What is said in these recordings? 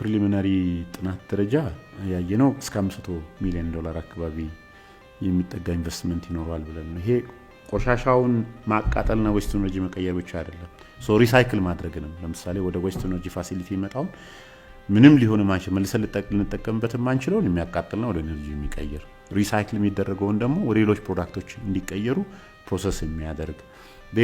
ፕሪሊሚናሪ ጥናት ደረጃ ነው እስከ 500 ሚሊዮን ዶላር አካባቢ የሚጠጋ ኢንቨስትመንት ይኖረዋል ብለን ነው። ይሄ ቆሻሻውን ማቃጠልና ዌስት ኢነርጂ መቀየር ብቻ አይደለም፣ ሪሳይክል ነው ለምሳሌ ወደ ዌስት ኢነርጂ ፋሲሊቲ የመጣውን ምንም ሊሆን ማንችል መልሰን ልንጠቀምበትም ማንችለውን የሚያቃጥልና ወደ ኤነርጂ የሚቀይር ሪሳይክል የሚደረገውን ደግሞ ወደ ሌሎች ፕሮዳክቶች እንዲቀየሩ ፕሮሰስ የሚያደርግ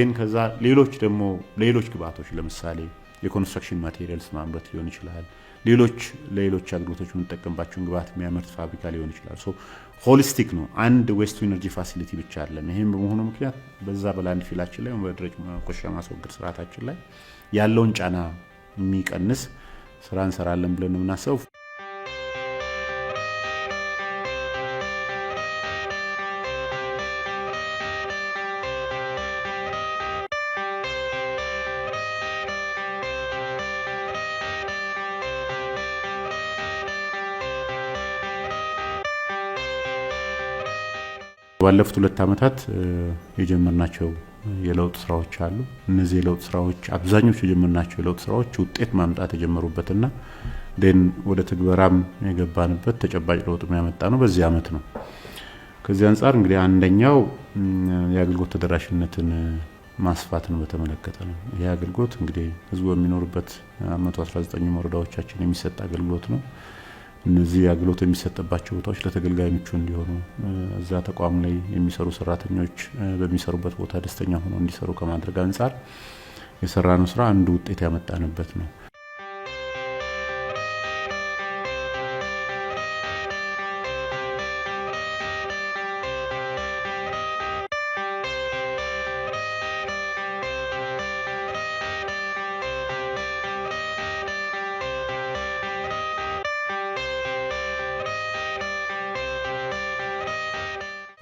ን ከዛ ሌሎች ደግሞ ሌሎች ግብአቶች ለምሳሌ የኮንስትራክሽን ማቴሪያልስ ማምረት ሊሆን ይችላል። ሌሎች ለሌሎች አገልግሎቶች የምንጠቀምባቸውን ግብዓት የሚያመርት ፋብሪካ ሊሆን ይችላል። ሆሊስቲክ ነው። አንድ ዌስት ኢነርጂ ፋሲሊቲ ብቻ አለም ይህም በመሆኑ ምክንያት በዛ በላንድ ፊላችን ላይ በደረቅ ቆሻሻ ማስወገድ ስርዓታችን ላይ ያለውን ጫና የሚቀንስ ስራ እንሰራለን ብለን ነው የምናስበው። ባለፉት ሁለት ዓመታት የጀመርናቸው የለውጥ ስራዎች አሉ። እነዚህ የለውጥ ስራዎች አብዛኞቹ የጀመርናቸው የለውጥ ስራዎች ውጤት ማምጣት የጀመሩበትና ን ወደ ትግበራም የገባንበት ተጨባጭ ለውጥ ያመጣ ነው በዚህ ዓመት ነው። ከዚህ አንጻር እንግዲህ አንደኛው የአገልግሎት ተደራሽነትን ማስፋትን በተመለከተ ነው። ይህ አገልግሎት እንግዲህ ህዝቡ የሚኖርበት 119 ወረዳዎቻችን የሚሰጥ አገልግሎት ነው። እነዚህ አገልግሎት የሚሰጥባቸው ቦታዎች ለተገልጋይ ምቹ እንዲሆኑ እዛ ተቋም ላይ የሚሰሩ ሰራተኞች በሚሰሩበት ቦታ ደስተኛ ሆኖ እንዲሰሩ ከማድረግ አንጻር የሰራነው ስራ አንዱ ውጤት ያመጣንበት ነው።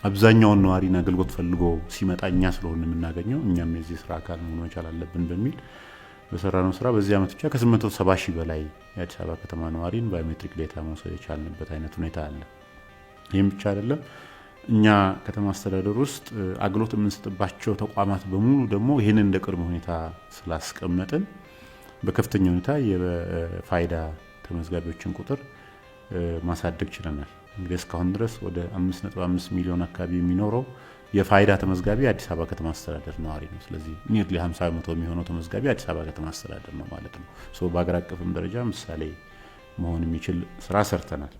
አብዛኛውን ነዋሪን አገልግሎት ፈልጎ ሲመጣ እኛ ስለሆነ የምናገኘው እኛም የዚህ ስራ አካል መሆን መቻል አለብን በሚል በሰራነው ስራ በዚህ ዓመት ብቻ ከ870 ሺህ በላይ የአዲስ አበባ ከተማ ነዋሪን ባዮሜትሪክ ዴታ መውሰድ የቻልንበት አይነት ሁኔታ አለ። ይህም ብቻ አይደለም። እኛ ከተማ አስተዳደር ውስጥ አገልግሎት የምንሰጥባቸው ተቋማት በሙሉ ደግሞ ይህንን እንደ ቅድመ ሁኔታ ስላስቀመጥን በከፍተኛ ሁኔታ የፋይዳ ተመዝጋቢዎችን ቁጥር ማሳደግ ችለናል። እንግዲህ እስካሁን ድረስ ወደ 5.5 ሚሊዮን አካባቢ የሚኖረው የፋይዳ ተመዝጋቢ አዲስ አበባ ከተማ አስተዳደር ነዋሪ ነው። ስለዚህ ኒርሊ 50 በመቶ የሚሆነው ተመዝጋቢ አዲስ አበባ ከተማ አስተዳደር ነው ማለት ነው። በሀገር አቀፍም ደረጃ ምሳሌ መሆን የሚችል ስራ ሰርተናል።